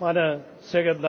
meine